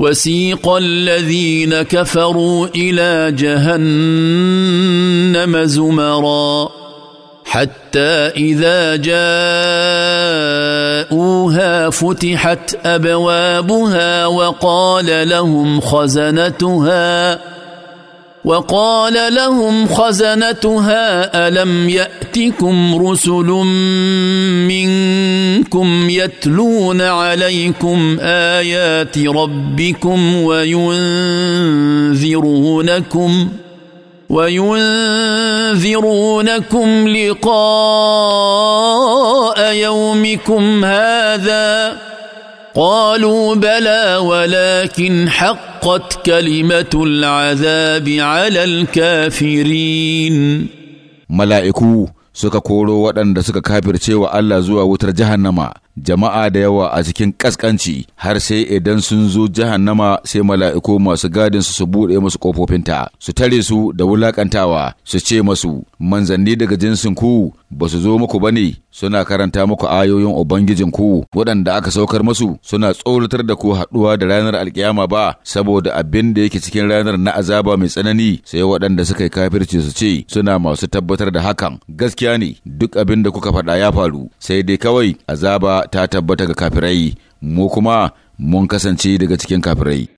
وسيق الذين كفروا الى جهنم زمرا حتى اذا جاءوها فتحت ابوابها وقال لهم خزنتها وقال لهم خزنتها الم ياتكم رسل من منكم يتلون عليكم ايات ربكم وينذرونكم وينذرونكم لقاء يومكم هذا قالوا بلى ولكن حقت كلمه العذاب على الكافرين ملائكوه suka koro waɗanda suka kafirce wa Allah zuwa wutar jahannama jama'a da yawa a cikin ƙasƙanci har sai idan sun zo jahannama sai mala'iku masu gadin su su buɗe musu ƙofofinta su tare su da wulaƙantawa su ce masu manzanni daga jinsin ku ba su zo muku bane suna karanta muku ayoyin ubangijin ku waɗanda aka saukar masu suna tsoratar da ku haɗuwa da ranar alkiyama ba saboda abin da yake cikin ranar na azaba mai tsanani sai waɗanda suka yi kafirci su ce suna masu tabbatar da hakan gaskiya ne duk abin da kuka faɗa ya faru sai dai kawai azaba ta tabbata ga kafirai mu kuma mun kasance daga cikin kafirai